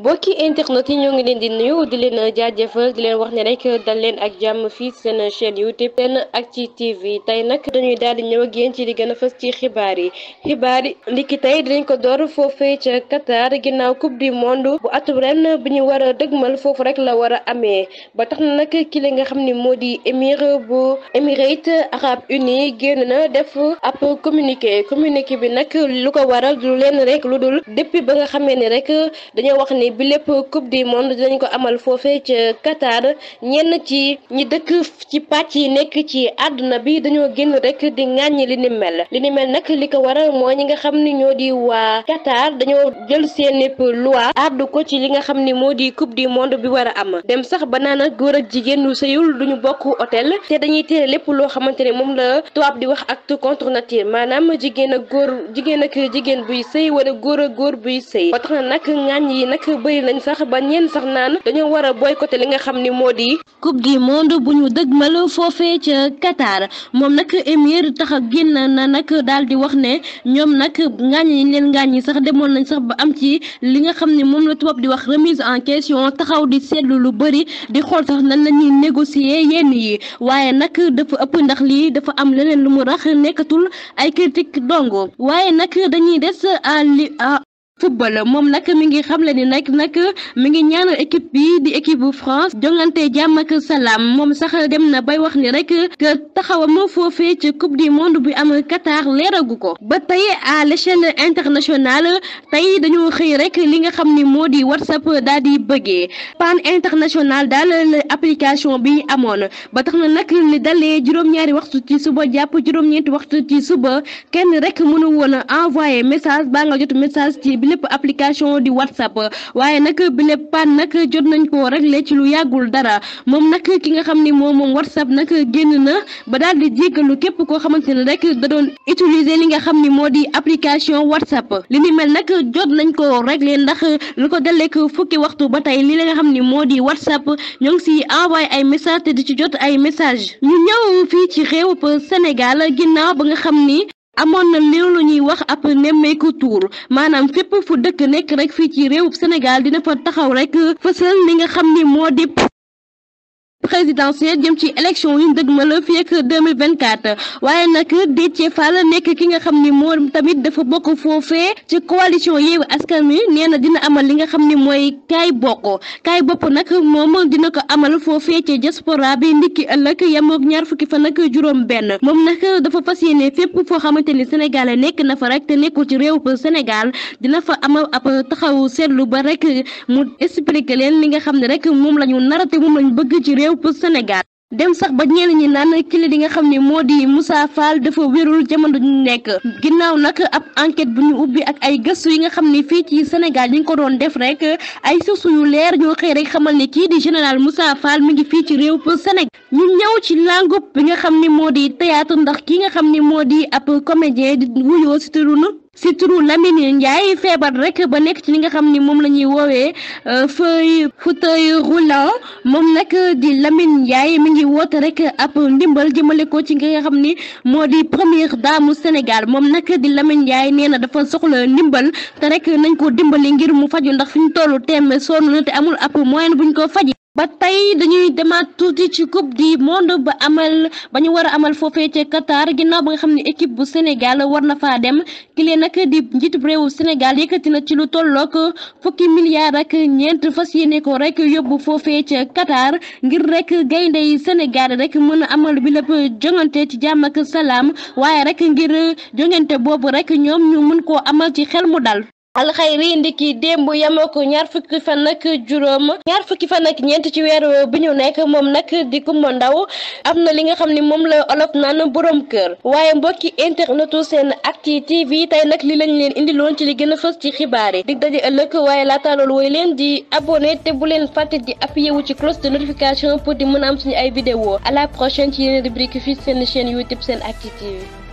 mbokki internet yi ñoo ngi leen di nuyu di leen jaajëfal di leen wax ne rek dal leen ak jàmm fii seen chaîne youtube seen Actu TV tey nag dañuy daal di ñëw ak yéen ci di gën a fës ci xibaar yi xibaar yi ndiki tey dinañ ko door foofee ca Qatar ginnaaw coupe du monde bu atum ren bi ñu war a dëgmal foofu rek la war a amee ba tax na nag ki nga xam ni moo di émir bu Émirats Arabes Unis génn na def ab communiqué communiqué bi nag lu ko waral du leen rek lu dul depuis ba ne bi lépp coupe du monde dinañ ko amal foofee ca Qatar ñenn ci ñi dëkk ci pàcc yi nekk ci àdduna bi dañoo génn rekk di ŋàññi li ni mel li ni mel nag li ko waral mooy ñi nga xam ni ñoo di waa Qatar dañoo jël seen lépp loi àddu ko ci li nga xam ni moo di coupe di monde bi war a am dem sax ba naan ak góor ak jigéen ñu sëyul duñu bokk hôtel te dañuy tere lépp loo xamante ne moom la tubaab di wax acte contre nature maanaam jigéen ak góor jigéen ak jigéen buy sëy wala góor rek bëri nañ sax ba ñenn sax naan dañoo war a li nga xam ni moo di coupe du monde bu ñu dëgmal foofee ca Qatar moom nag émir tax a génn na nag daal di wax ne ñoom nag ngaañ yi leen ngaañ yi sax demoon nañ sax ba am ci li nga xam ne moom la tubaab di wax remise en question taxaw di seetlu lu bëri di xool sax nan la ñuy négocier yenn yi waaye nag dafa ëpp ndax lii dafa am leneen lu mu rax nekkatul ay critique dongo waaye nag dañuy des à li football moom nag mi ngi xamle ni nag nag mi ngi ñaanal équipe bi di équipe bu France jongante jàmm ak salaam moom sax dem na bay wax ni rek que taxawam foofee ci coupe du monde bi am Qatar leeragu ko ba tey à l'échelle internationale tey dañoo xëy rek li nga xam ni moo di WhatsApp daal di bëggee pan international daal la application bi amoon ba tax na nag li dalee juróom-ñaari waxtu ci suba jàpp juróom-ñeenti waxtu ci suba kenn rek mënu woon a envoyé message baa message ci lépp application di whatsapp waaye nag bi lépp panne nag jot nañ koo réglé ci lu yàggul dara moom nag ki nga xam ni moom moom whatsapp nag génn na ba daal di jéggalu képp koo xamante ne rek da doon utiliser li nga xam ni moo di application whatsapp li ni mel nag jot nañ koo réglé ndax lu ko daleek fukki waxtu ba tey li nga xam ni moo di whatsapp ñoo ngi si envoyé ay message te di ci jot ay message ñu ñëw fii ci réew Sénégal ginnaaw ba nga xam ni amoon na léew lu ñuy wax ab nemmeeku tuur maanaam fépp fu dëkk nekk rek fii ci réew Sénégal dina fa taxaw rek fësal li nga xam ni moo di présidentielle jëm ci élection yu dëgmal fii ak 2024 waaye nag Déthié Fall nekk ki nga xam ni moom tamit dafa bokk foofee ci coalition Yewwi Askan Wi nee na dina amal li nga xam ni mooy kaay bokk kaay bopp nag moom dina ko amal foofee ci diaspora bi ndikki ëllëg yem ak ñaar fukki fan ak juróom benn moom nag dafa fas yéene fépp foo xamante ni Sénégal nekk na fa rek te nekkul ci réew Sénégal dina fa amal ab taxaw seetlu ba rek mu expliquer leen li nga xam ne rek moom la ñu narate moom la bëgg ci réew football Sénégal dem sax ba ñenn ñi naan kile di nga xam ne moo di Moussa Fall dafa wérul jamono ñu nekk ginnaaw nag ab enquête bu ñu ubbi ak ay gëstu yi nga xam ni fii ci Sénégal ñu nga ko doon def rek ay source yu leer ñoo xëy rek xamal ne kii di général Moussa Fall mi ngi fii ci réew pour Sénégal ñu ñaw ci langue bi nga xam ni moo di théâtre ndax ki nga xam ni moo di ab comédien di wuyoo si turunu si turu Lamine Ndiaye feebar rek ba nekk ci li nga xam ni moom la ñuy woowee euh, feuille fauteuil roulant moom nag di Lamine Ndiaye mi ngi woote rek ab ndimbal jëmale ko ci nga xam ni moo di première dame Sénégal moom nag di Lamine Ndiaye nee na dafa soxla ndimbal te rek nañ ko dimbali ngir mu faju ndax fi ñu tollu teem sonn na te amul ab moyen buñ ko faji ba tey dañuy demaat tuuti ci coupe du monde ba amal ba ñu war a amal foofee ca Qatar ginnaaw ba nga xam ne équipe bu Sénégal war na faa dem kile nag di njiitu réewu Sénégal yëkkati na ci lu tollook fukki milliards ak ñeent fas yéene ko rek yóbbu foofee ca Qatar ngir rek gaynde yi Sénégal rek mën a amal bi la jongante ci jàmmak salaam waaye rek ngir jongante boobu rek ñoom ñu mën koo amal ci xel mu dal. alxayri ndiki démb yemoo ñaar fukki fan ak juróom ñaar fukki fan ak ñeent ci weer bi ñu nekk moom nag di Kumba Ndaw am na li nga xam ni moom la olof naan borom kër waaye mbokki internetu SENactu TV tey nag li lañ leen indiloon ci li gën a fës ci xibaar yi dig daje ëllëg waaye laata loolu woy leen di abonné te bu leen fàtte di appuyé wu ci cloche de notification pour di mën a am suñu ay vidéo à la prochaine ci yeneen rubrique fii seen chaîne YouTube SENactu TV